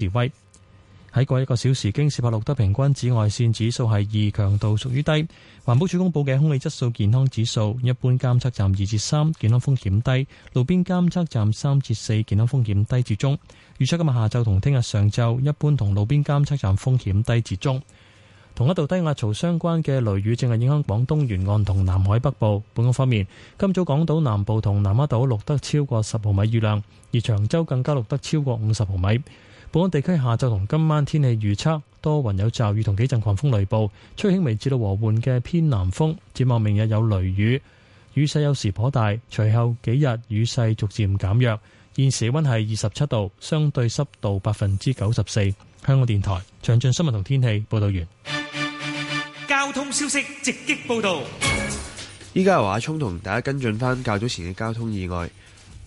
示威喺過一個小時，京士柏錄得平均紫外線指數係二，強度屬於低。環保署公布嘅空氣質素健康指數，一般監測站二至三，健康風險低；路邊監測站三至四，健康風險低至中。預測今日下晝同聽日上晝，一般同路邊監測站風險低至中。同一道低壓槽相關嘅雷雨正係影響廣東沿岸同南海北部。本港方面，今早港島南部同南丫島錄得超過十毫米雨量，而長洲更加錄得超過五十毫米。本港地區下晝同今晚天氣預測，多雲有驟雨同幾陣狂風雷暴，吹輕微至到和緩嘅偏南風。展望明日有雷雨，雨勢有時頗大。隨後幾日雨勢逐漸減弱。現時溫係二十七度，相對濕度百分之九十四。香港電台詳盡新聞同天氣報道完。交通消息直擊報道。依家由阿聰同大家跟進翻較早前嘅交通意外。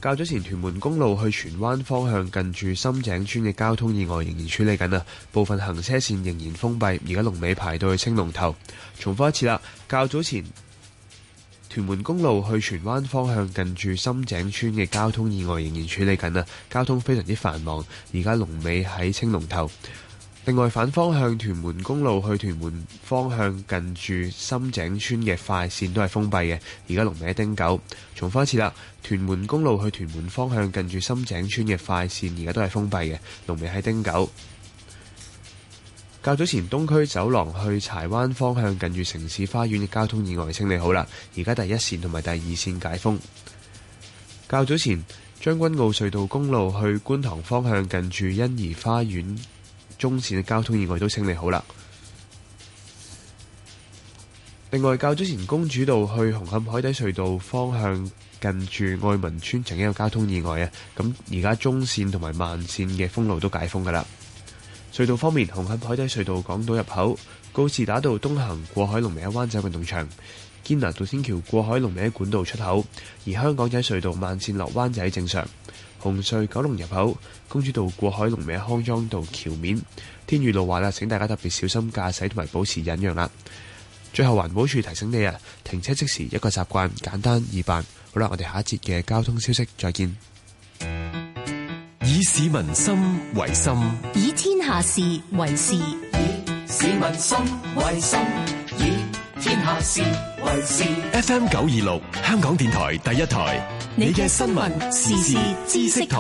較早前屯門公路去荃灣方向近住深井村嘅交通意外仍然處理緊啊，部分行車線仍然封閉，而家龍尾排到去青龍頭。重複一次啦，較早前屯門公路去荃灣方向近住深井村嘅交通意外仍然處理緊啊，交通非常之繁忙，而家龍尾喺青龍頭。另外，反方向屯門公路去屯門方向近住深井村嘅快線都係封閉嘅。而家龍尾喺汀九。重複一次啦，屯門公路去屯門方向近住深井村嘅快線，而家都係封閉嘅。龍尾喺汀九。較早前，東區走廊去柴灣方向近住城市花園嘅交通意外清理好啦，而家第一線同埋第二線解封。較早前，將軍澳隧道公路去觀塘方向近住欣怡花園。中線嘅交通意外都清理好啦。另外，較早前公主道去紅磡海底隧道方向近住愛民村曾經有交通意外啊，咁而家中線同埋慢線嘅封路都解封噶啦。隧道方面，紅磡海底隧道港島入口、告士打道東行過海龍尾灣仔運動場、堅拿道天橋過海龍尾管道出口，而香港仔隧道慢線落灣仔正常。紅隧九龍入口、公主道過海龍尾、康莊道橋面，天雨路滑啦，請大家特別小心駕駛同埋保持忍讓啦。最後，環保署提醒你啊，停車即時一個習慣，簡單易辦。好啦，我哋下一節嘅交通消息再見。以市民心為心，以天下事為事，以市民心為心。天下事為事 F M 九二六，香港電台第一台你嘅，你嘅新聞時事知識台，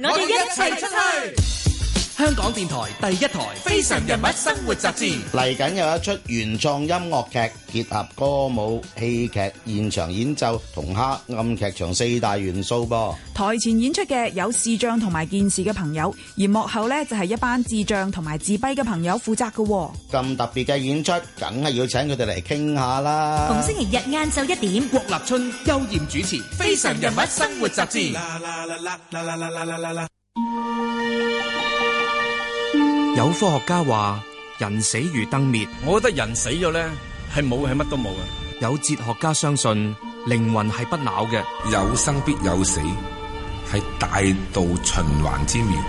我哋一齊出去。香港電台第一台《非常人物生活雜誌》嚟緊有一出原創音樂劇，結合歌舞、戲劇、現場演奏同黑暗劇場四大元素噃。台前演出嘅有視障同埋健視嘅朋友，而幕後呢就係、是、一班智障同埋自閉嘅朋友負責嘅。咁特別嘅演出，梗係要請佢哋嚟傾下啦。逢星期日晏晝一點，郭立春、邱焱主持《非常人物生活雜誌》。有科學家話：人死如燈滅。我覺得人死咗咧，係冇，係乜都冇嘅。有哲學家相信靈魂係不朽嘅。有生必有死，係大道循環之妙。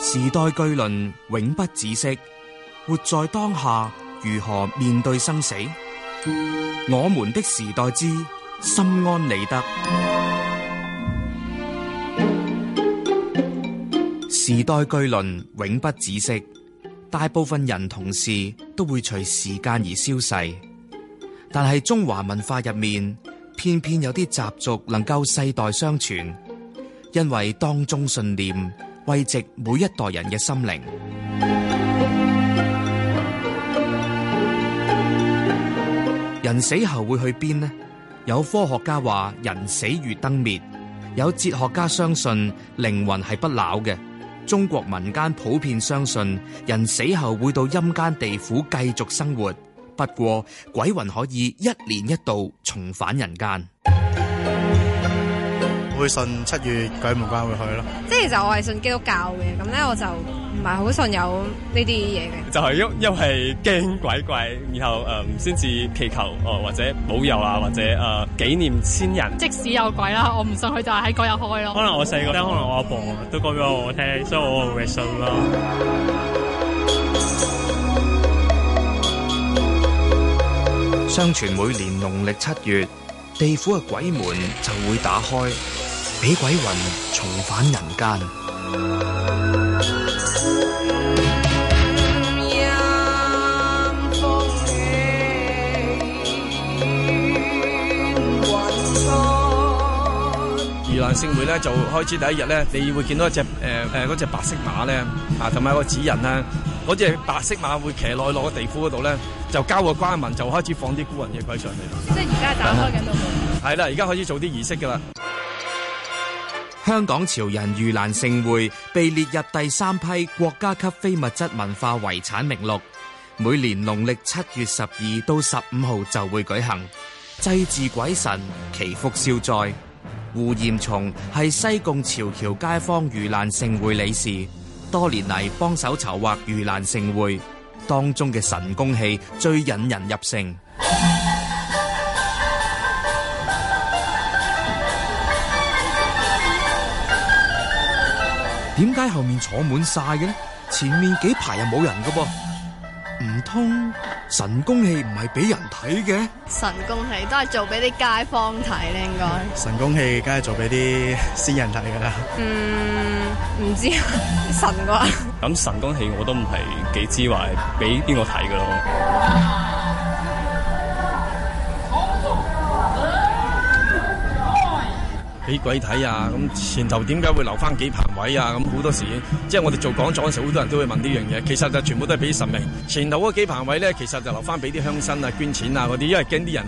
時代巨輪永不止息，活在當下，如何面對生死？我們的時代之心安理得。時代巨輪永不止息，大部分人同事都會隨時間而消逝，但係中華文化入面偏偏有啲習俗能夠世代相傳，因為當中信念慰藉每一代人嘅心靈。人死後會去邊呢？有科學家話人死如燈滅，有哲學家相信靈魂係不朽嘅。中國民間普遍相信，人死後會到陰間地府繼續生活。不過，鬼魂可以一年一度重返人間。會信七月鬼門關會開咯，即係其實我係信基督教嘅，咁咧我就唔係好信有呢啲嘢嘅，就係因因為驚鬼鬼，然後誒，先至祈求哦，或者保佑啊，或者誒紀念先人，即使有鬼啦，我唔信佢就係喺嗰日開咯。可能我細個聽，可能我阿婆都講俾我聽，所以我會信啦。相傳每年農曆七月，地府嘅鬼門就會打開。俾鬼魂重返人間。而南星會咧就開始第一日咧，你會見到一隻誒誒嗰隻白色馬咧啊，同埋個指人咧，嗰隻白色馬會騎落落個地庫嗰度咧，就交個關民，就開始放啲孤魂野鬼上嚟。即係而家打開緊度冇。係啦，而家開始做啲儀式噶啦。香港潮人盂蘭勝會被列入第三批國家級非物質文化遺產名錄。每年農曆七月十二到十五號就會舉行，祭祀鬼神，祈福消災。胡彥松係西貢潮僑街坊盂蘭勝會理事，多年嚟幫手籌劃盂蘭勝會當中嘅神功戲最引人入勝。點解後面坐滿晒嘅咧？前面幾排又冇人噶噃？唔通神功戲唔係俾人睇嘅、嗯？神功戲都係做俾啲街坊睇咧，應該。神功戲梗係做俾啲先人睇噶啦。嗯，唔知神啩。咁神功戲我都唔係幾知話係俾邊個睇噶咯。俾鬼睇啊！咁前頭點解會留翻幾排位啊？咁好多時，即係我哋做講座嘅時候，好多人都會問呢樣嘢。其實就全部都係俾神明前頭嗰幾排位咧，其實就留翻俾啲鄉紳啊、捐錢啊嗰啲，因為驚啲人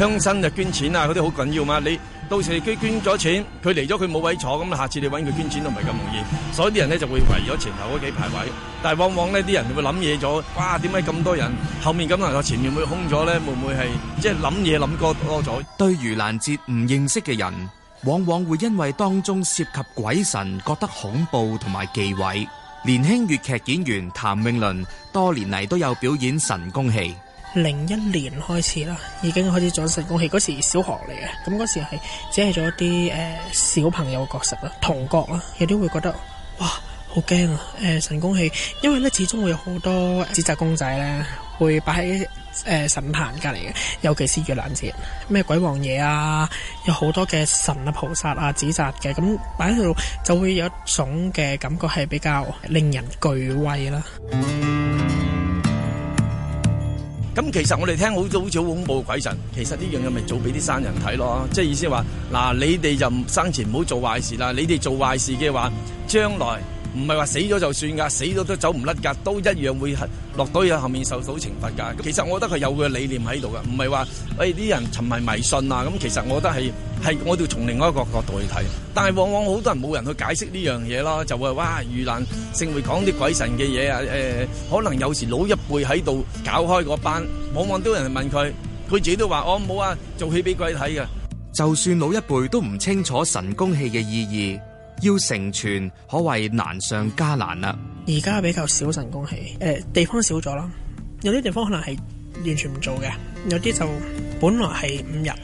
鄉紳就、啊、捐錢啊嗰啲好緊要嘛。你到時佢捐咗錢，佢嚟咗佢冇位坐，咁下次你揾佢捐錢都唔係咁容易。所以啲人咧就會圍咗前頭嗰幾排位，但係往往呢啲人會諗嘢咗。哇！點解咁多人後面咁多，個前面會空咗咧？會唔會係即係諗嘢諗過多咗？就是、想惹惹想惹對如難節唔認識嘅人。往往會因為當中涉及鬼神，覺得恐怖同埋忌諱。年輕粵劇演員譚詠麟多年嚟，都有表演神功戲，零一年開始啦，已經開始做神功戲。嗰時是小學嚟嘅，咁嗰時係只係做一啲誒、呃、小朋友嘅角色啦，童角啦，亦都會覺得哇。好驚啊！誒，神功戲，因為咧始終會有好多紙紮公仔咧，會擺喺誒神壇隔籬嘅，尤其是盂蘭節，咩鬼王爺啊，有好多嘅神啊、菩薩啊紙紮嘅，咁擺喺度就會有一種嘅感覺係比較令人懼畏啦。咁其實我哋聽好都好似好恐怖嘅鬼神，其實呢樣嘢咪做俾啲生人睇咯，即係意思話，嗱，你哋就生前唔好做壞事啦，你哋做壞事嘅話，將來。唔係話死咗就算噶，死咗都走唔甩噶，都一樣會落到去後面受到懲罰噶。咁其實我覺得佢有佢嘅理念喺度噶，唔係話誒啲人沉迷迷信啊。咁其實我覺得係係我哋從另外一個角度去睇，但係往往好多人冇人去解釋呢樣嘢咯，就會話哇盂蘭勝會講啲鬼神嘅嘢啊。誒，可能有時老一輩喺度搞開個班，往往都有人問佢，佢自己都話哦冇啊，做戲俾鬼睇啊。就算老一輩都唔清楚神功戲嘅意義。要成全，可謂難上加難啦。而家比較少神功戲，誒、地方少咗啦。有啲地方可能係完全唔做嘅，有啲就本來係五日，誒、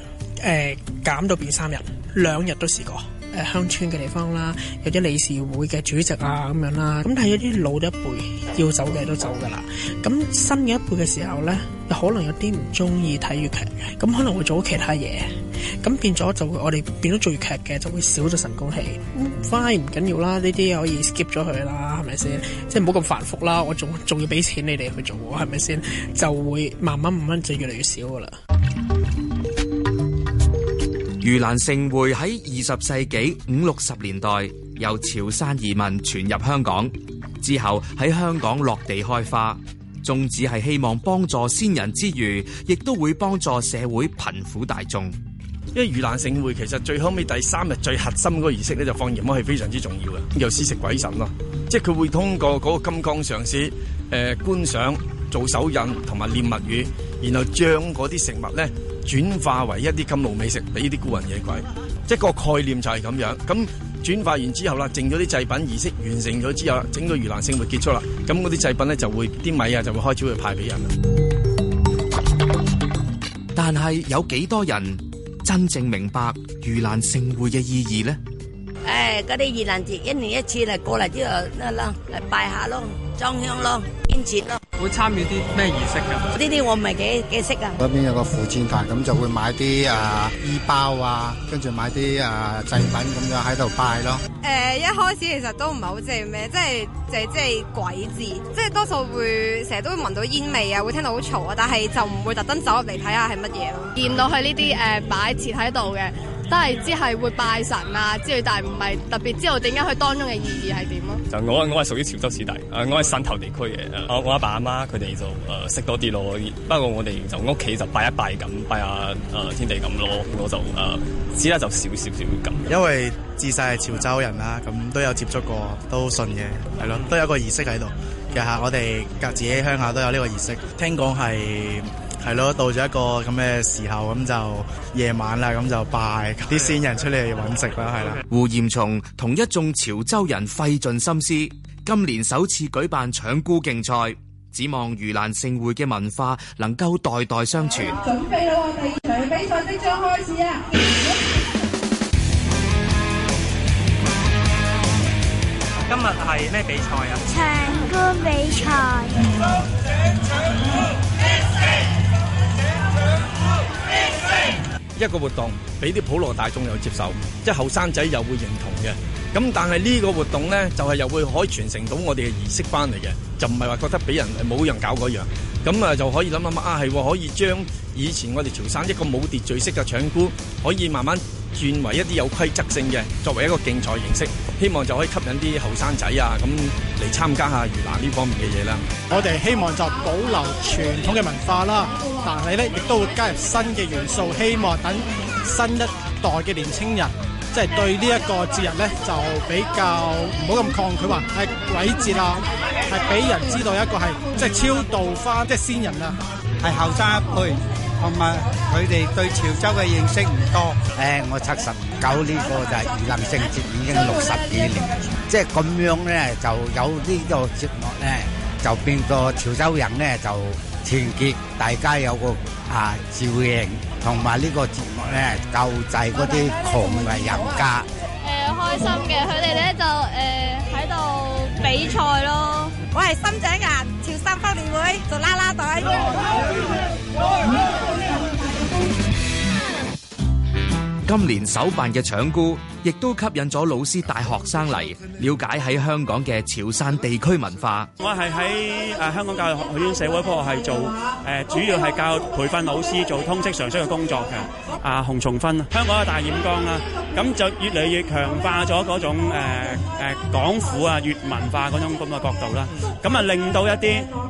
呃、減到變三日，兩日都試過。誒、鄉村嘅地方啦，有啲理事會嘅主席啊咁樣啦，咁但係有啲老一輩要走嘅都走㗎啦。咁新嘅一輩嘅時候咧，可能有啲唔中意睇粵劇，咁可能會做其他嘢。咁變咗就會我哋變咗最劇嘅，就會少咗神功戲。唔、嗯，反而唔緊要啦，呢啲可以 skip 咗佢啦，係咪先？即係唔好咁繁複啦，我仲仲要俾錢你哋去做，係咪先？就會萬蚊五蚊就越嚟越少噶啦。盂蘭盛會喺二十世紀五六十年代由潮汕移民傳入香港，之後喺香港落地開花，宗旨係希望幫助先人之餘，亦都會幫助社會貧苦大眾。因為盂蘭盛會其實最後尾第三日最核心嗰個儀式咧，就放焰火，係非常之重要嘅，又施食鬼神咯，即係佢會通過嗰個金剛上師，誒，觀賞做手印同埋念密語，然後將嗰啲食物咧，轉化為一啲甘露美食俾啲孤魂野鬼，即係個概念就係咁樣。咁轉化完之後啦，剩咗啲祭品儀式完成咗之後，整個盂蘭盛會結束啦，咁嗰啲祭品咧就會啲米啊就會開始會派俾人啦。但係有幾多人？真正明白遇難盛會嘅意義咧，誒、哎，啲遇難節一年一次嚟過嚟之後，嗱，嚟拜下咯，裝香咯，捐錢咯。會參與啲咩儀式噶？呢啲我唔係幾幾識啊。嗰邊有個附箭台，咁就會買啲啊、呃、衣包啊，跟住買啲啊、呃、祭品咁樣喺度拜咯。誒、呃，一開始其實都唔係好正咩，即係即係即係鬼字，即係多數會成日都會聞到煙味啊，會聽到好嘈啊，但係就唔會特登走入嚟睇下係乜嘢咯。見到佢呢啲誒擺設喺度嘅。都係知係會拜神啊之類，但係唔係特別知道點解佢當中嘅意義係點咯。就我我係屬於潮州子弟，我係汕頭地區嘅，我阿爸阿媽佢哋就誒、呃、識多啲咯。不過我哋就屋企就拜一拜咁，拜下、呃、天地咁咯。我就誒、呃、知得就少少少咁。因為自細係潮州人啦，咁都的有接觸過，都信嘅，係咯，都有個儀式喺度。其實我哋隔自己鄉下都有呢個儀式，聽講係。係咯，到咗一個咁嘅時候，咁就夜晚啦，咁就拜啲先人出嚟揾食啦，係啦。胡炎松同一眾潮州人費盡心思，今年首次舉辦搶孤競賽，指望盂蘭盛會嘅文化能夠代代相傳。準備好，我哋場比賽即將開始啊！今日係咩比賽啊？搶孤比賽。一個活動俾啲普羅大眾又接受，即係後生仔又會認同嘅。咁但係呢個活動咧，就係、是、又會可以傳承到我哋嘅儀式返嚟嘅，就唔係話覺得俾人係冇人搞嗰樣。咁啊，就可以諗諗啊，係、哦、可以將以前我哋潮汕一個冇秩序式嘅搶姑，可以慢慢。轉為一啲有規則性嘅，作為一個競賽形式，希望就可以吸引啲後生仔啊，咁嚟參加下盂蘭呢方面嘅嘢啦。我哋希望就保留傳統嘅文化啦，但係咧亦都會加入新嘅元素，希望等新一代嘅年青人，即係對呢一個節日咧就比較唔好咁抗拒話係鬼節啊，係俾人知道一個係即係超度翻即係先人啊，係後生一輩。同埋佢哋對潮州嘅認識唔多，哎。我七十九呢個就係盂蘭聖節已經六十幾年，即係咁樣咧，就有個節呢個節目咧，就變個潮州人咧，就團結大家有個啊照應，同埋呢個節目咧救濟嗰啲窮嘅人家。誒、呃，開心嘅，佢哋咧就喺度、呃、比賽咯。我係深井嘅潮汕婦聯會做啦啦隊。今年首辦嘅搶孤，亦都吸引咗老師帶學生嚟了解喺香港嘅潮汕地區文化。我係喺誒香港教育學院社會科系做誒，主要係教培訓老師做通識常識嘅工作嘅。阿洪重芬，香港嘅大染缸啦，咁就越嚟越強化咗嗰種誒誒港府啊粵文化嗰種咁嘅角度啦，咁啊令到一啲。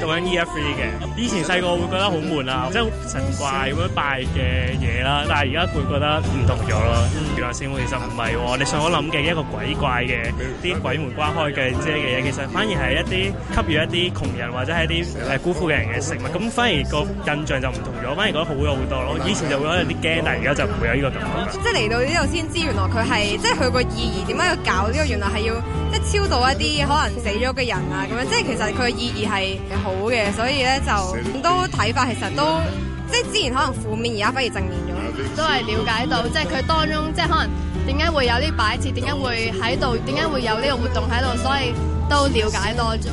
做緊 E F e 嘅，以前細個會覺得好悶啊，即係神怪咁樣拜嘅嘢啦，但係而家會覺得唔同咗咯。嗯、原來其實唔係喎，你上我諗嘅一個鬼怪嘅啲鬼門關開嘅啫嘅嘢，其實反而係一啲給予一啲窮人或者係一啲誒孤苦嘅人嘅食物，咁反而個印象就唔同咗，反而覺得好咗好多咯。嗯、以前就，覺得有就會有啲驚，但係而家就唔會有呢個感覺即來來。即係嚟到呢度先知，原來佢係即係佢個意義點解要搞呢、呢個？原來係要即係超度一啲可能死咗嘅人啊，咁樣即係其實佢嘅意義係。好嘅，所以咧就都睇法，其實都即係之前可能負面，而家反而正面咗，都係了解到，即係佢當中，即係可能點解會有啲擺設，點解會喺度，點解會有呢個活動喺度，所以都了解多咗。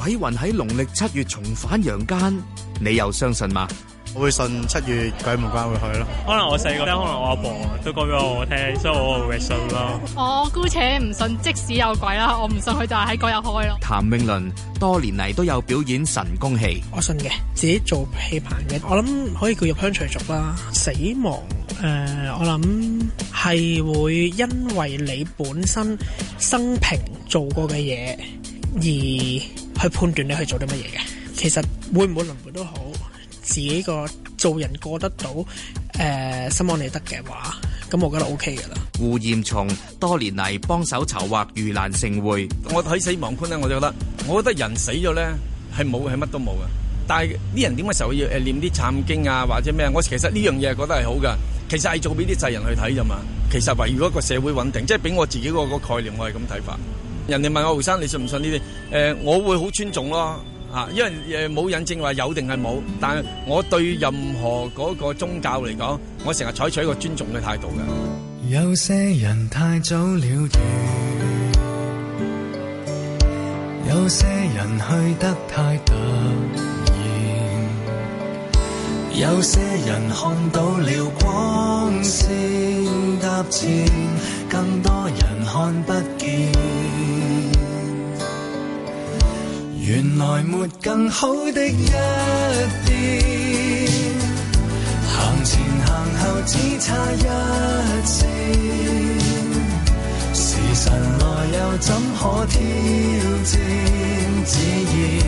鬼魂喺農曆七月重返陽間，你又相信嗎？我會信七月鬼門關會去咯，可能我細個聽，可能我阿婆都講俾我聽，嗯、所以我會信咯。我姑且唔信，即使有鬼啦，我唔信佢就係喺嗰日開咯。譚詠麟多年嚟，都有表演神功戲，我信嘅。自己做戲棚嘅，我諗可以叫入鄉隨俗啦。死亡誒、呃，我諗係會，因為你本身生平做過嘅嘢而去判斷你去做啲乜嘢嘅。其實會唔會輪迴都好？自己個做人過得到，誒、呃、心安理得嘅話，咁我覺得 O K 噶啦。胡艷松多年嚟幫手籌劃盂蘭勝會，我睇死亡觀咧，我就覺得，我覺得人死咗咧係冇係乜都冇噶，但係啲人點解時候要誒念啲懺經啊或者咩，我其實呢樣嘢係覺得係好噶，其實係做俾啲世人去睇咋嘛，其實維繫一個社會穩定，即係俾我自己個個概念，我係咁睇法。人哋問我胡生，你信唔信呢啲？誒、呃，我會好尊重咯。啊，因為誒冇引證話有定係冇，但係我對任何嗰個宗教嚟講，我成日採取一個尊重嘅態度嘅。有些人太早了斷，有些人去得太突然，有些人看到了光線搭箭，更多人看不見。原來沒更好的一點，行前行後只差一線，時辰來又怎可挑戰自然？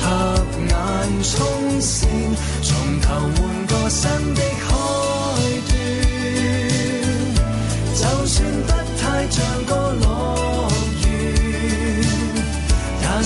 合眼衝線，從頭換個新的開端，就算不太像個。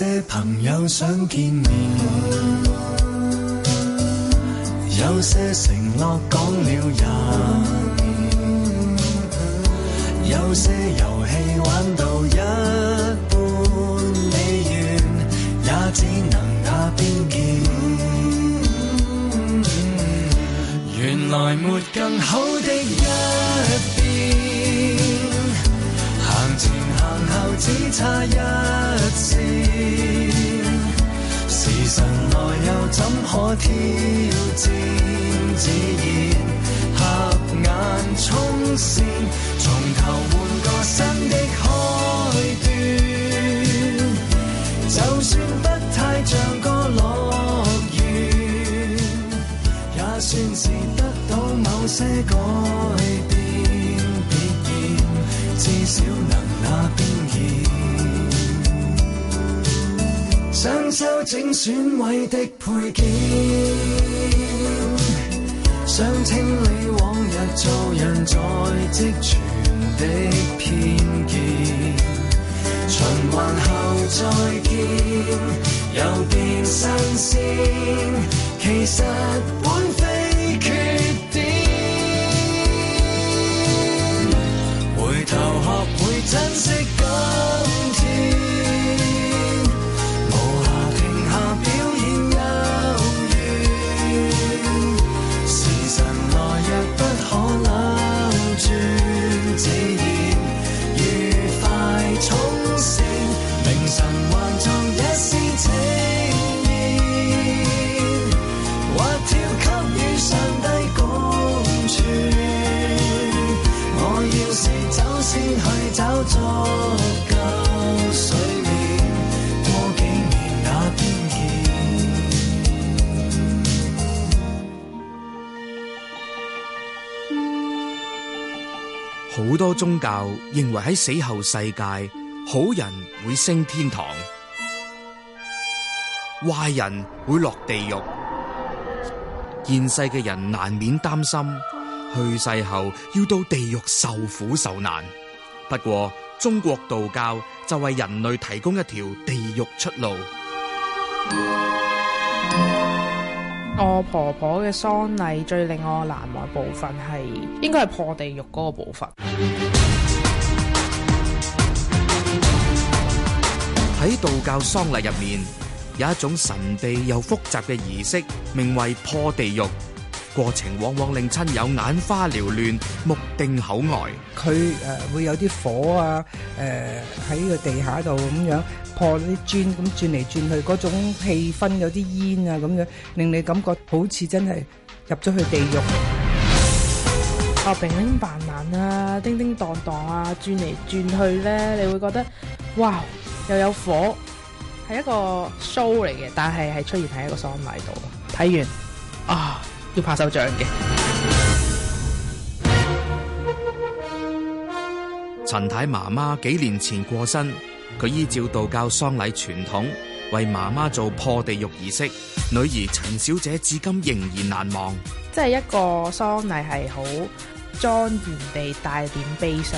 有些朋友想見面，有些承諾講了也，有些遊戲玩到一半，你完，也只能那邊見。原來沒更好的一邊，行前行後只差一。怎可挑戰自然？合眼充線，從頭換個新的開端。就算不太像個樂園，也算是得到某些改變。別厭，至少能那邊驗。想修整損毀的配件，想清理往日做人再積存的偏見，循環後再見又變新鮮，其實本非缺點，回頭學會珍惜。宗教認為喺死後世界，好人會升天堂，壞人會落地獄。現世嘅人難免擔心，去世後要到地獄受苦受難。不過，中國道教就為人類提供一條地獄出路。我婆婆嘅喪禮最令我難忘部分係，應該係破地獄嗰個部分。喺道教喪禮入面，有一種神秘又複雜嘅儀式，名為破地獄。過程往往令親友眼花撩亂、目定口呆。佢誒、呃、會有啲火啊，誒喺個地下度咁樣。破啲磚咁轉嚟轉去，嗰種氣氛有啲煙啊咁樣，令你感覺好似真係入咗去地獄。啊，平輕扮難啊，叮叮噹噹啊，啊，轉嚟轉去咧，你會覺得哇，又有火，係一個 show 嚟嘅，但係係出現喺一個喪禮度。睇完啊，要拍手掌嘅。陳太媽媽幾年前過身。佢依照道教喪禮傳統，為媽媽做破地獄儀式。女兒陳小姐至今仍然難忘。即係一個喪禮係好莊嚴地帶點悲傷，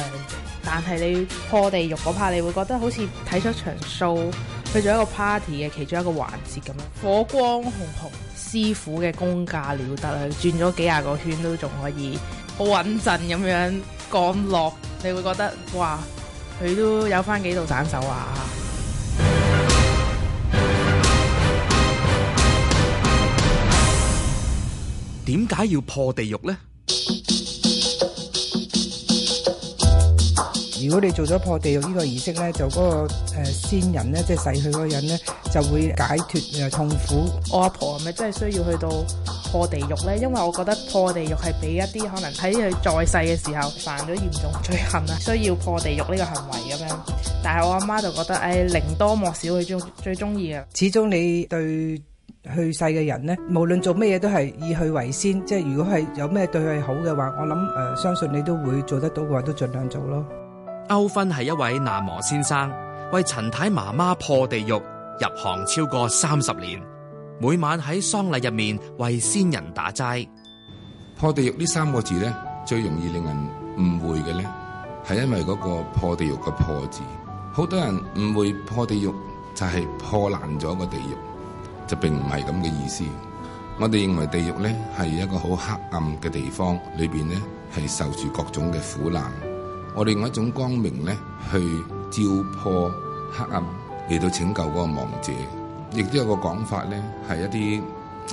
但係你破地獄嗰 part，你會覺得好似睇出場 show 去做一個 party 嘅其中一個環節咁樣。火光紅紅，師傅嘅功架了得啊！轉咗幾廿個圈都仲可以，好穩陣咁樣降落，你會覺得哇！佢都有翻幾度散手啊？點解要破地獄咧？如果你做咗破地獄呢個儀式咧，就嗰個先人咧，即係逝去嗰個人咧，就會解脫誒痛苦。我、哦、阿婆係咪真係需要去到。破地獄咧，因為我覺得破地獄係俾一啲可能喺佢在世嘅時候犯咗嚴重罪行啊，需要破地獄呢個行為咁樣。但係我阿媽就覺得，誒、哎，寧多莫少，佢中最中意嘅。始終你對去世嘅人咧，無論做乜嘢都係以佢為先。即係如果係有咩對佢好嘅話，我諗誒、呃，相信你都會做得到嘅話，都盡量做咯。歐芬係一位喃嘸先生，為陳太媽媽破地獄入行超過三十年。每晚喺喪禮入面為先人打齋，破地獄呢三個字咧，最容易令人誤會嘅咧，係因為嗰個破地獄嘅破字，好多人誤會破地獄就係破爛咗個地獄，就並唔係咁嘅意思。我哋認為地獄咧係一個好黑暗嘅地方，裏邊咧係受住各種嘅苦難。我哋用一種光明咧去照破黑暗，嚟到拯救嗰個亡者。亦都有個講法咧，係一啲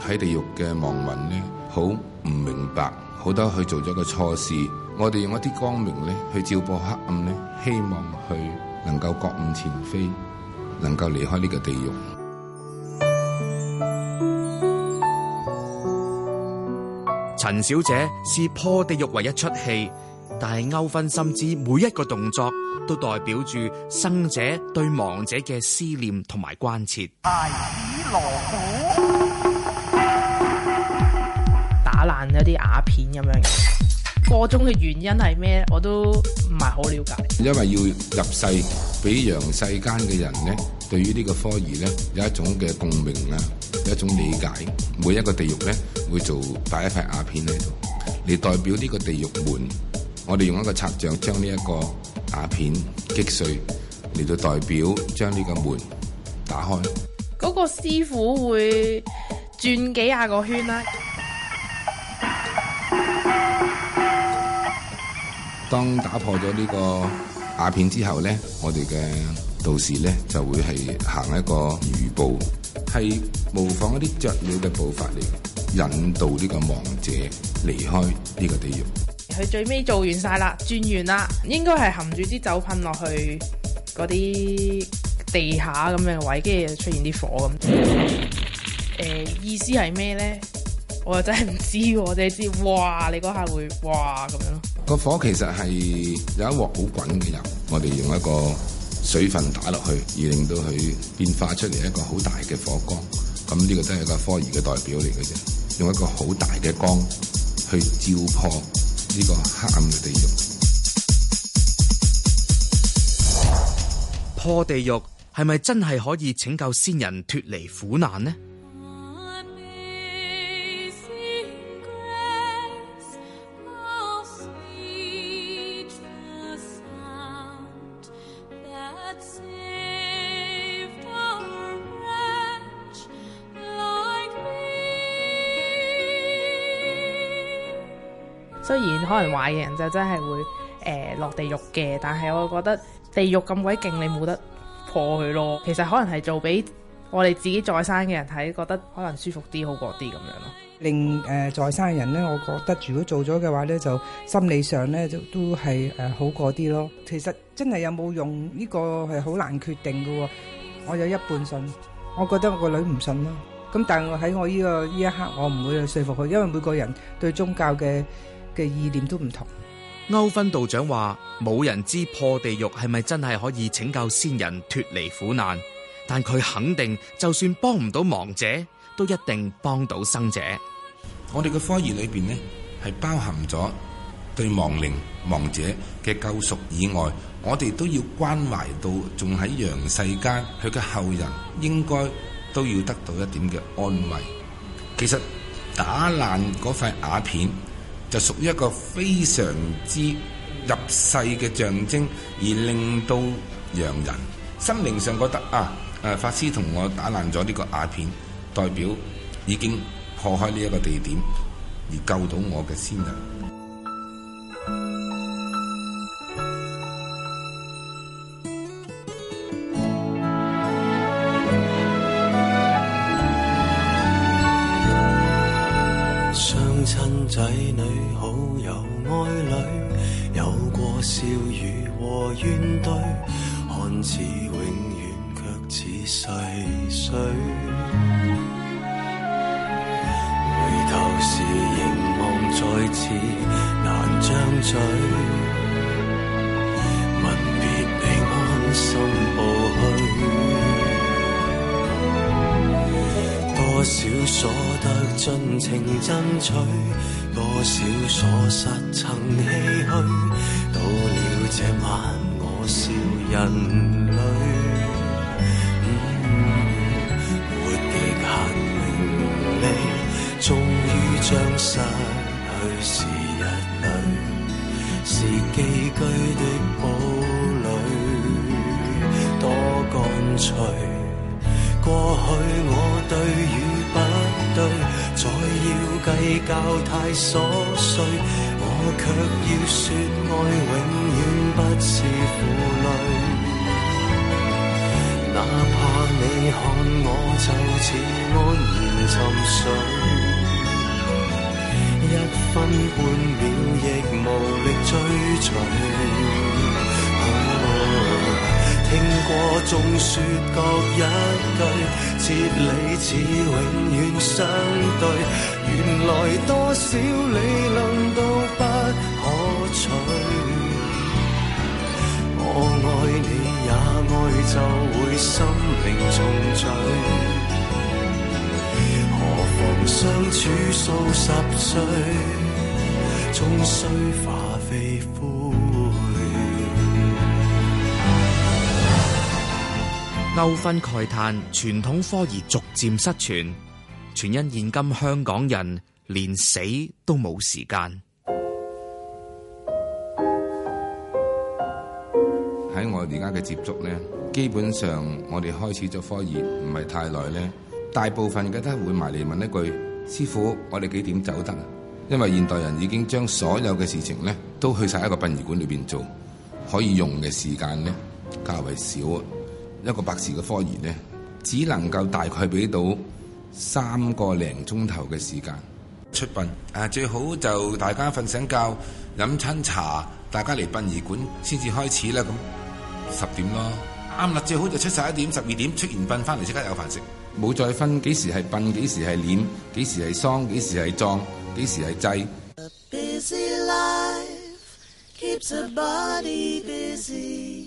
喺地獄嘅亡魂，咧，好唔明白，好多去做咗個錯事，我哋用一啲光明咧去照破黑暗咧，希望佢能夠覺悟前非，能夠離開呢個地獄。陳小姐是破地獄唯一出戲。但係勾分心之每一個動作，都代表住生者對亡者嘅思念同埋關切。大耳羅打爛咗啲瓦片咁樣，個中嘅原因係咩？我都唔係好了解。因為要入世，俾陽世間嘅人咧，對於呢個科儀咧有一種嘅共鳴啊，有一種理解。每一個地獄咧會做擺一塊瓦片喺度，嚟代表呢個地獄門。我哋用一個擦杖將呢一個瓦片擊碎，嚟到代表將呢個門打開。嗰個師傅會轉幾十個圈啦。當打破咗呢個瓦片之後咧，我哋嘅道士咧就會係行一個禹步，係模仿一啲雀鳥嘅步伐嚟引導呢個亡者離開呢個地獄。佢最尾做完晒啦，轉完啦，應該係含住啲酒噴落去嗰啲地下咁嘅位，跟住出現啲火咁。誒，意思係咩咧？我又真係唔知喎，我凈係知哇，你嗰下會哇咁樣咯。個火其實係有一鑊好滾嘅油，我哋用一個水分打落去，而令到佢變化出嚟一個好大嘅火光。咁呢個都係一個科儀嘅代表嚟嘅啫，用一個好大嘅光去照破。呢個黑暗嘅地獄，破地獄，係咪真係可以拯救先人脫離苦難呢？可能壞嘅人就真係會誒落地獄嘅，但係我覺得地獄咁鬼勁，你冇得破佢咯。其實可能係做俾我哋自己在生嘅人睇，覺得可能舒服啲，好過啲咁樣咯。令誒在生嘅人咧，我覺得如果做咗嘅話咧，就心理上咧就都係誒好過啲咯。其實真係有冇用呢個係好難決定噶。我有一半信，我覺得我個女唔信咯。咁但係我喺我呢個呢一刻，我唔會去說服佢，因為每個人對宗教嘅。嘅意念都唔同。歐芬道長話：冇人知破地獄係咪真係可以拯救先人脫離苦難，但佢肯定，就算幫唔到亡者，都一定幫到生者。我哋嘅科儀裏邊呢，係包含咗對亡靈、亡者嘅救贖以外，我哋都要關懷到仲喺陽世間佢嘅後人，應該都要得到一點嘅安慰。其實打爛嗰塊瓦片，就屬於一個非常之入世嘅象徵，而令到洋人心靈上覺得啊，啊，法師同我打爛咗呢個瓦片，代表已經破開呢一個地點，而救到我嘅先人。吻別你安心步去，多少所得盡情爭取，多少所失曾唏噓。到了這晚，我笑人。教太瑣碎，我卻要說愛永遠不是負累。哪怕你看我就似安然沉睡，一分半秒亦無力追隨。聽過眾說各一句，哲理似永遠相對。原來多少理論都不可取。我愛你也愛就會心靈重聚，何妨相處數十歲，終須分。勾憤慨嘆，傳統科儀逐漸失傳，全因現今香港人連死都冇時間。喺我而家嘅接觸咧，基本上我哋開始咗科儀唔係太耐咧，大部分嘅都會埋嚟問一句：師傅，我哋幾點走得？因為現代人已經將所有嘅事情咧，都去晒一個殯儀館裏邊做，可以用嘅時間咧較為少。一個白事嘅科研呢，只能夠大概俾到三個零鐘頭嘅時間出殯。誒、啊，最好就大家瞓醒覺、飲親茶，大家嚟殯儀館先至開始啦。咁十點咯，啱啦。最好就出十一點、十二點出完殯翻嚟即刻有飯食，冇再分幾時係殯、幾時係殮、幾時係喪、幾時係葬、幾時係祭。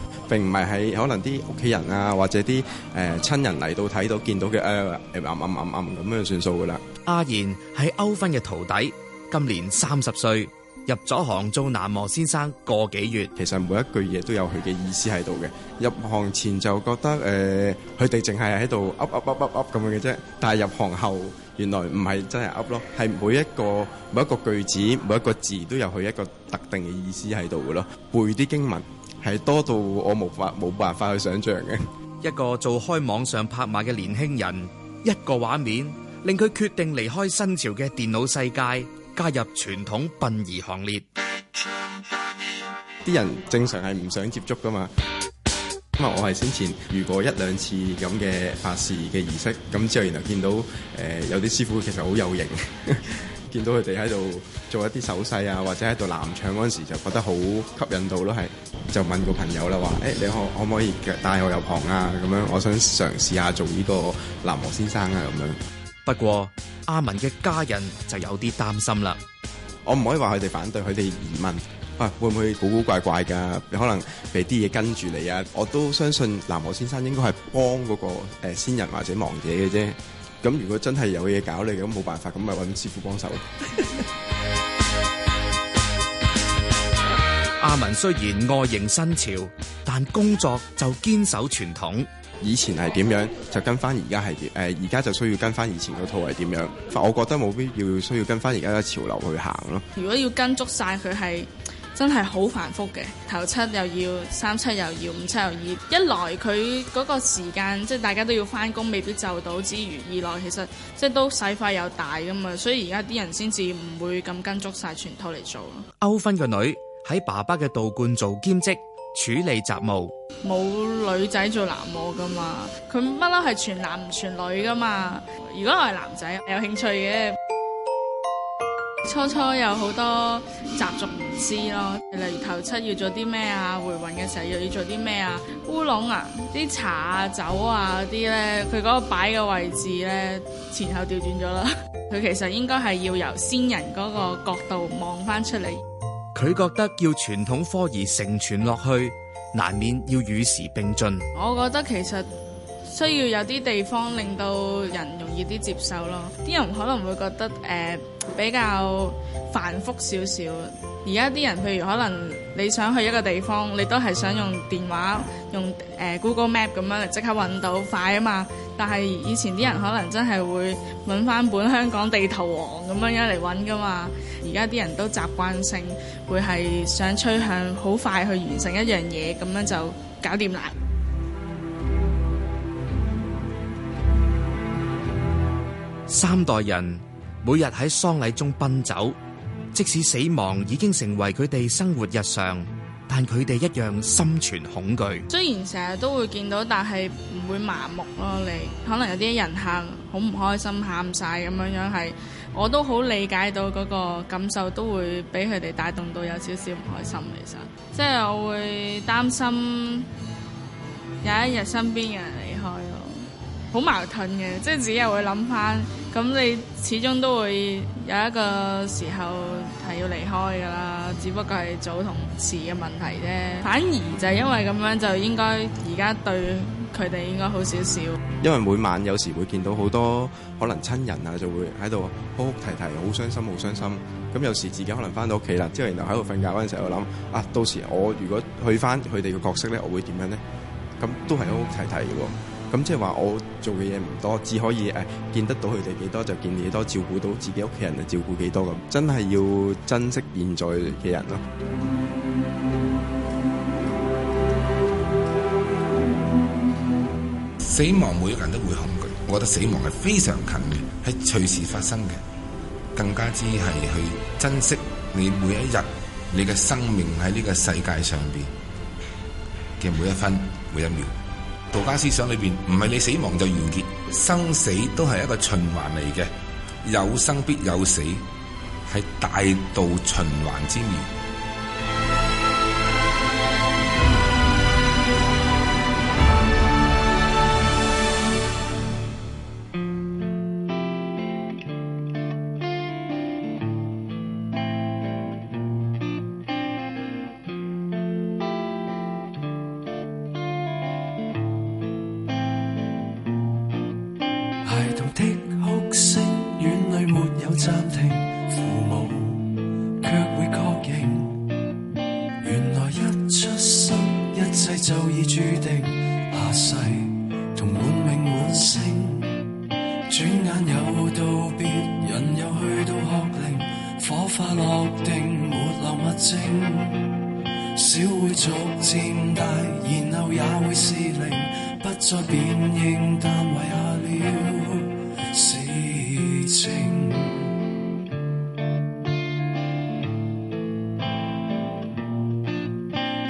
並唔係喺可能啲屋企人啊，或者啲誒親人嚟到睇到見到嘅誒噏噏噏噏噏咁樣算數㗎喇。阿賢係歐芬嘅徒弟，今年三十歲，入咗行做喃嘸先生個幾月。其實每一句嘢都有佢嘅意思喺度嘅。入行前就覺得誒，佢哋淨係喺度噏噏噏噏噏咁樣嘅啫。但係入行後，原來唔係真係噏咯，係每一個每一個句子每一個字都有佢一個特定嘅意思喺度㗎囉。背啲經文。係多到我冇法冇辦法去想象嘅。一個做開網上拍賣嘅年輕人，一個畫面令佢決定離開新潮嘅電腦世界，加入傳統殯儀行列。啲人正常係唔想接觸噶嘛。咁啊，我係先前遇過一兩次咁嘅法事嘅儀式，咁之後然後見到誒有啲師傅其實好有型。見到佢哋喺度做一啲手勢啊，或者喺度喃嘸嗰陣時候，就覺得好吸引到咯，係就問個朋友啦，話誒、欸，你可可唔可以帶我入行啊？咁樣，我想嘗試下做呢個喃嘸先生啊，咁樣。不過，阿文嘅家人就有啲擔心啦。我唔可以話佢哋反對，佢哋疑問喂、啊，會唔會古古怪怪㗎？有可能俾啲嘢跟住你啊？我都相信喃嘸先生應該係幫嗰個先人或者亡者嘅啫。咁如果真係有嘢搞你嘅，咁冇辦法，咁咪揾師傅幫手。阿 文雖然外形新潮，但工作就堅守傳統。以前係點樣，就跟翻而家係誒，而家就需要跟翻以前嗰套係點樣。我覺得冇必要需要跟翻而家嘅潮流去行咯。如果要跟足晒，佢係。真係好繁複嘅，頭七又要，三七又要，五七又要，一來佢嗰個時間即係大家都要翻工，未必就到，之餘二來其實即係都使費又大噶嘛，所以而家啲人先至唔會咁跟足晒全套嚟做咯。歐芬嘅女喺爸爸嘅道館做兼職，處理雜務。冇女仔做男模噶嘛，佢乜撈係全男唔全女噶嘛。如果我係男仔，有興趣嘅。初初有好多習俗唔知咯，例如頭七要做啲咩啊，回魂嘅時候又要做啲咩啊，烏龍啊，啲茶啊、酒啊嗰啲咧，佢嗰個擺嘅位置咧前後調轉咗啦，佢其實應該係要由先人嗰個角度望翻出嚟。佢覺得要傳統科儀承傳落去，難免要與時並進。我覺得其實。需要有啲地方令到人容易啲接受咯，啲人可能會覺得誒、呃、比較繁複少少。而家啲人，譬如可能你想去一個地方，你都係想用電話用誒、呃、Google Map 咁樣嚟即刻揾到，快啊嘛。但係以前啲人可能真係會揾翻本香港地圖王咁樣一嚟揾噶嘛。而家啲人都習慣性會係想趨向好快去完成一樣嘢，咁樣就搞掂啦。三代人每日喺喪禮中奔走，即使死亡已經成為佢哋生活日常，但佢哋一樣心存恐懼。雖然成日都會見到，但係唔會麻木咯。你可能有啲人喊，好唔開心，喊晒咁樣樣係，我都好理解到嗰個感受，都會俾佢哋帶動到有少少唔開心。其實，即係我會擔心有一日身邊嘅人離開咯，好矛盾嘅，即係自己又會諗翻。咁你始終都會有一個時候係要離開㗎啦，只不過係早同遲嘅問題啫。反而就因為咁樣，就應該而家對佢哋應該好少少。因為每晚有時會見到好多可能親人啊，就會喺度哭哭啼啼，好傷心，好傷心。咁有時自己可能翻到屋企啦，之後然後喺度瞓覺嗰陣時候，我諗啊，到時我如果去翻佢哋嘅角色咧，我會點樣咧？咁都係哭哭啼啼嘅喎。咁即係話，我做嘅嘢唔多，只可以誒見得到佢哋幾多就見幾多，照顧到自己屋企人就照顧幾多咁。真係要珍惜現在嘅人咯。死亡每個人都會恐懼，我覺得死亡係非常近嘅，係隨時發生嘅，更加之係去珍惜你每一日你嘅生命喺呢個世界上邊嘅每一分每一秒。道家思想裏邊，唔係你死亡就完結，生死都係一個循環嚟嘅，有生必有死，係大道循環之理。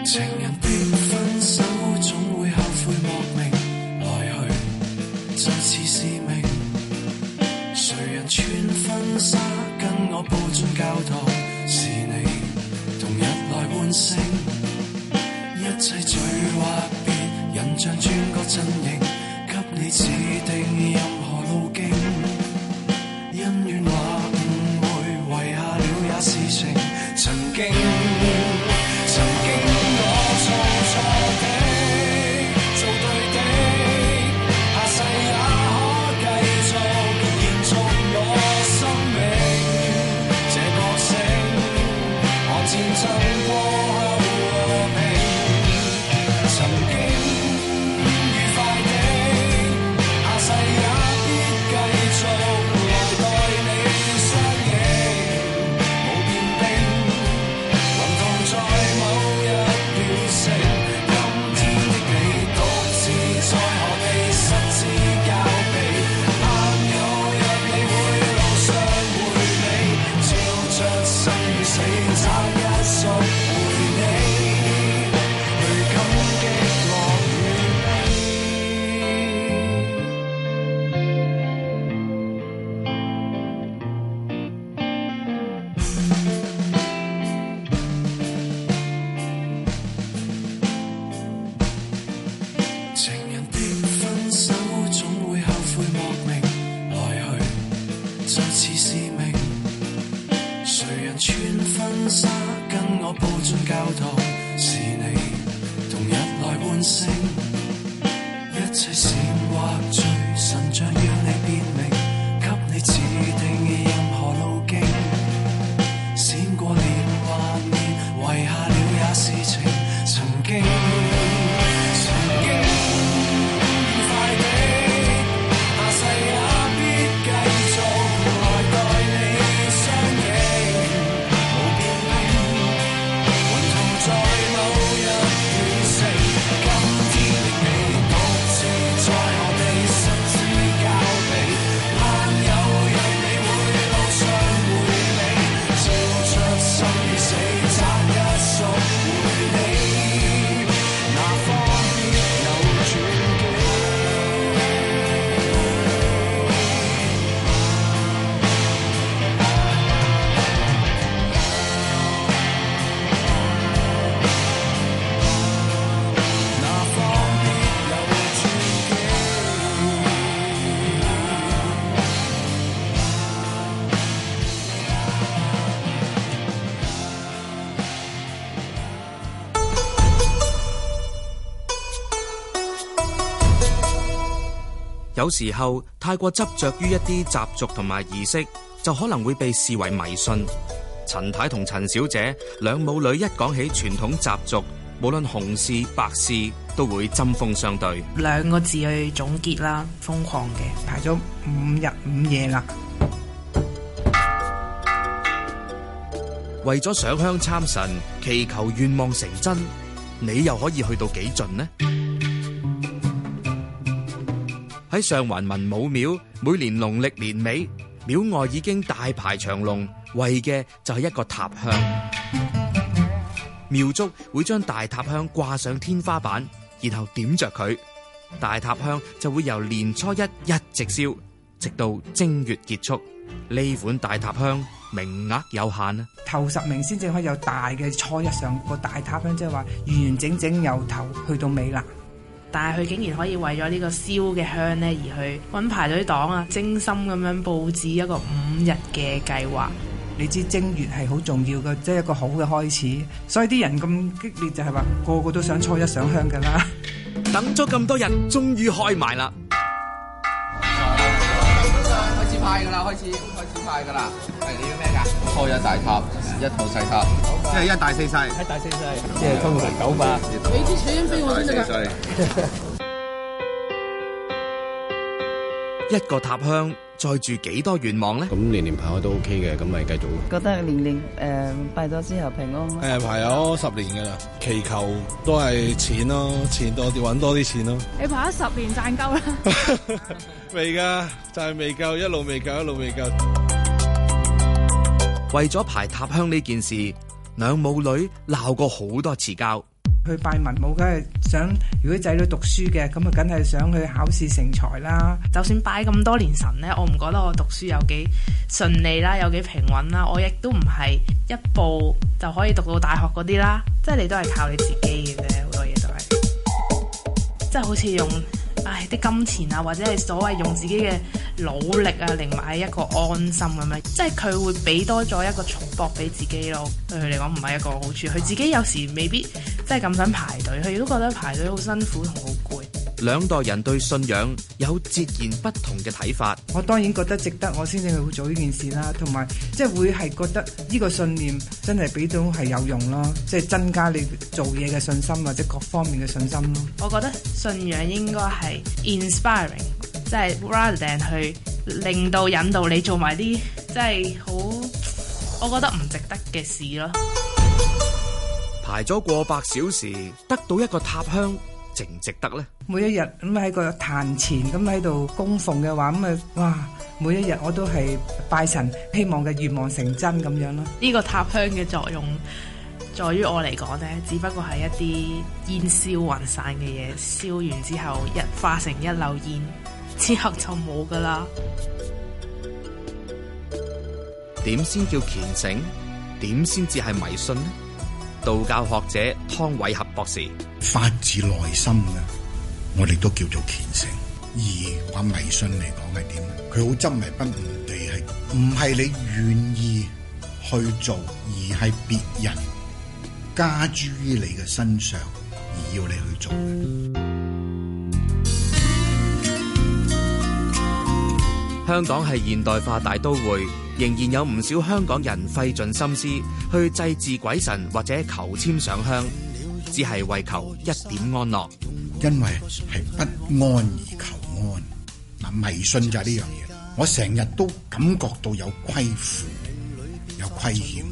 情人的分手總會後悔莫名來去，再次是命。誰人穿婚紗跟我步進教堂？是你，同日來歡慶。一切聚或別，人像轉個陣營，給你指定任。有時候太過執着於一啲習俗同埋儀式，就可能會被視為迷信。陳太同陳小姐兩母女一講起傳統習俗，無論紅事白事，都會針鋒相對。兩個字去總結啦，瘋狂嘅，排咗五日五夜啦。為咗上香參神，祈求願望成真，你又可以去到幾盡呢？喺上環文武廟，每年農曆年尾，廟外已經大排長龍，為嘅就係一個塔香。廟祝會將大塔香掛上天花板，然後點着佢，大塔香就會由年初一一直燒，直到正月結束。呢款大塔香名額有限啊，頭十名先至可以有大嘅初一上，嗰個大塔香，即係話完完整整由頭去到尾啦。但係佢竟然可以為咗呢個燒嘅香咧，而去揾排隊黨啊，精心咁樣佈置一個五日嘅計劃。你知正月係好重要嘅，即係一個好嘅開始。所以啲人咁激烈就係話，個個都想初一上香噶啦。等咗咁多日，終於開埋啦。基本上開始派噶啦，開始開始派噶啦。係你要咩噶？初一大塔。一套細塔，即係八一大四細，一大四細，即係通常九百。你啲錢俾我先得啊！一， 一個塔香再住幾多願望咧？咁年年排我都 OK 嘅，咁咪繼續。覺得年年、呃、拜咗之後平安。誒排咗十年噶啦，祈求都係錢咯，錢多啲揾多啲錢咯。你排咗十年賺夠啦？未㗎， 就係、是、未夠，一路未夠，一路未夠。為咗排塔香呢件事，兩母女鬧過好多次交。去拜文武，梗係想如果仔女讀書嘅，咁啊梗係想去考試成才啦。就算拜咁多年神咧，我唔覺得我讀書有幾順利啦，有幾平穩啦。我亦都唔係一步就可以讀到大學嗰啲啦。即係你都係靠你自己嘅啫，好多嘢都係，即係好似用。唉，啲、哎、金錢啊，或者係所謂用自己嘅努力啊，嚟買一個安心咁樣，即係佢會俾多咗一個重搏俾自己咯。對佢嚟講唔係一個好處，佢自己有時，未必即係咁想排隊，佢亦都覺得排隊好辛苦同好攰。兩代人對信仰有截然不同嘅睇法。我當然覺得值得，我先至會去做呢件事啦，同埋即係會係覺得呢個信念真係俾到係有用咯，即係增加你做嘢嘅信心或者各方面嘅信心咯。我覺得信仰應該係 inspiring，即係 rather than 去令到引導你做埋啲即係好，我覺得唔值得嘅事咯。排咗過百小時，得到一個塔香。值唔值得咧？每一日咁喺個壇前咁喺度供奉嘅話，咁啊哇！每一日我都係拜神，希望嘅願望成真咁樣咯。呢個塔香嘅作用，在於我嚟講咧，只不過係一啲煙消雲散嘅嘢，燒完之後一化成一縷煙，之後就冇㗎喇。點先叫虔誠？點先至係迷信呢？道教學者湯偉俠博士，發自內心嘅，我哋都叫做虔誠。而話迷信嚟講係點？佢好執迷不悟地係，唔係你願意去做，而係別人加諸於你嘅身上而要你去做的。香港係現代化大都會，仍然有唔少香港人費盡心思去祭祀鬼神或者求籤上香，只係為求一點安樂。因為係不安而求安，嗱，迷信就係呢樣嘢。我成日都感覺到有虧負、有虧欠，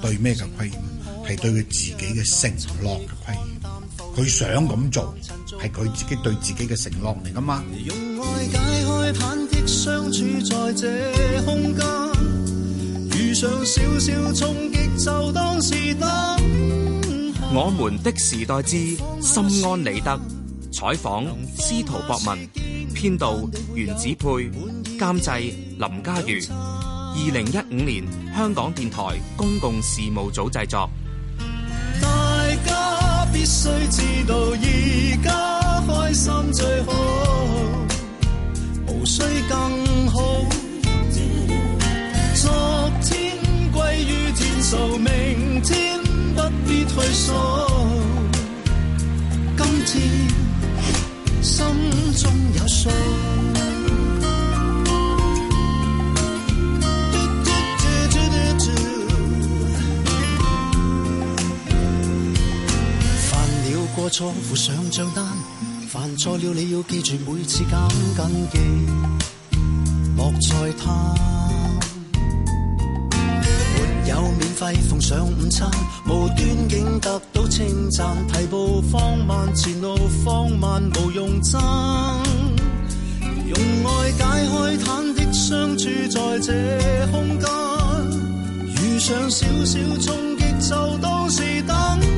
對咩嘅虧欠？係對佢自己嘅承諾嘅虧欠。佢想咁做，係佢自己對自己嘅承諾嚟㗎嘛？解開忐忑相處在這空間，遇上少少衝擊，就當是當我們的時代。之心安理得，採訪司徒博文，編導袁子佩，監製林嘉如，二零一五年香港電台公共事務組製作。大家必須知道，而家開心最好需更好。昨天歸於天數，明天不必退縮。今天心中有數。犯 了過錯，付上賬單。犯錯了，你要記住每次謹謹記，莫再貪。沒有免費奉上午餐，無端竟得到稱讚，提步放慢，前路放慢，無用爭。用愛解開忐忑相處，在這空間，遇上小小衝擊就當是等。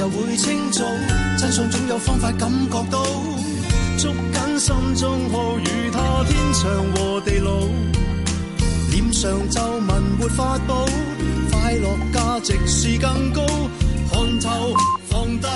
又會清早，真相總有方法感覺到，捉緊心中抱，與他天長和地老。臉上皺紋沒法補，快樂價值是更高，看透放低。